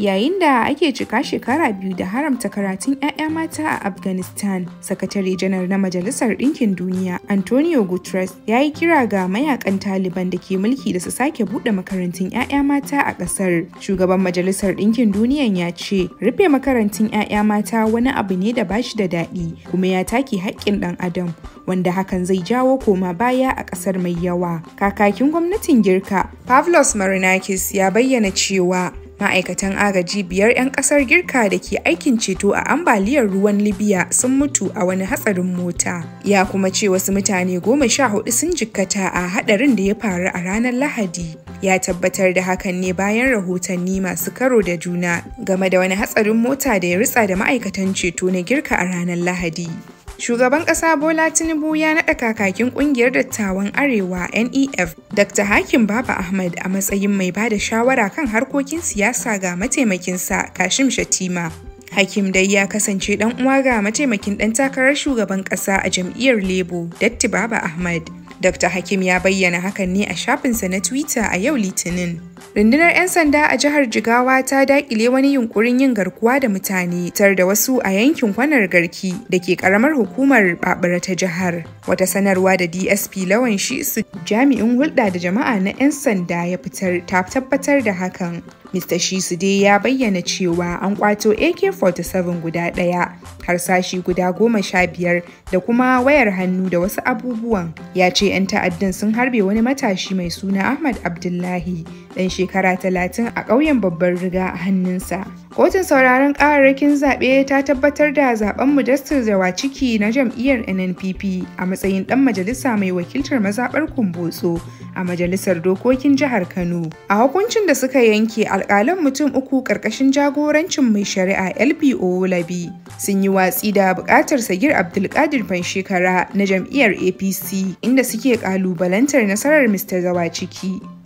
yayin da ake cika shekara biyu da haramta karatun 'ya'ya mata a afghanistan sakatare janar na majalisar ɗinkin duniya antonio guterres ya yi kira ga mayakan taliban da ke mulki da su sake buɗe makarantun 'ya'ya mata a ƙasar shugaban majalisar ɗinkin duniyan ya ce rufe makarantun 'ya'ya mata wani abu ne da bashi da daɗi kuma ya take haƙƙin ɗan adam wanda hakan zai jawo koma baya a ƙasar mai yawa kakakin gwamnatin girka pavlos marinakis ya bayyana cewa Ma'aikatan agaji biyar 'yan ƙasar Girka da ke aikin ceto a ambaliyar ruwan Libya sun mutu a wani hatsarin mota. Ya kuma ce wasu mutane goma sha hudu sun jikkata a haɗarin da ya faru a ranar Lahadi. Ya tabbatar da hakan ne bayan rahotanni masu karo da juna game da wani hatsarin mota da ya ritsa da ma'aikatan ceto na Girka a ranar Lahadi. Shugaban ƙasa Bola Tinubu ya naɗa kakakin ƙungiyar dattawan Arewa NEF Dr. Hakim Baba Ahmad a matsayin mai bada shawara kan harkokin siyasa ga mataimakinsa Kashim Shatima. Hakim dai ya kasance ɗan uwa ga mataimakin ɗan takarar shugaban ƙasa a jam'iyyar Lebo Datti Baba Ahmad. Dr. Hakim ya bayyana hakan ne a shafinsa na Twitter a yau Litinin. Rundunar 'yan sanda a jihar Jigawa ta dakile wani yunkurin yin garkuwa da mutane tar da wasu a yankin kwanar garki da ke karamar hukumar Babura ta jihar. Wata sanarwa da DSP Lawan su jami'in hulɗa da jama'a na 'yan sanda ya fitar ta tabbatar da hakan. Mr. Shisu dai ya bayyana cewa an kwato AK-47 guda ɗaya, harsashi guda goma sha biyar da kuma wayar hannu da wasu abubuwan. Ya ce 'yan ta'addan sun harbe wani matashi mai suna Ahmad Abdullahi, ɗan shekara talatin a ƙauyen babbar riga a hannunsa. Kotun sauraron ƙararrakin zaɓe ta tabbatar da zaɓen Mudastir ciki na jam'iyyar NNPP a matsayin ɗan majalisa mai wakiltar mazaɓar Kumbotso a majalisar dokokin jihar Kano. A hukuncin da suka yanke alƙalan mutum uku ƙarƙashin jagorancin mai shari'a (LBO) sun yi watsi da buƙatar Sagir Abdulkadir Shekara na jam'iyyar APC inda suke ƙalubalantar nasarar Mr. Zawaciki.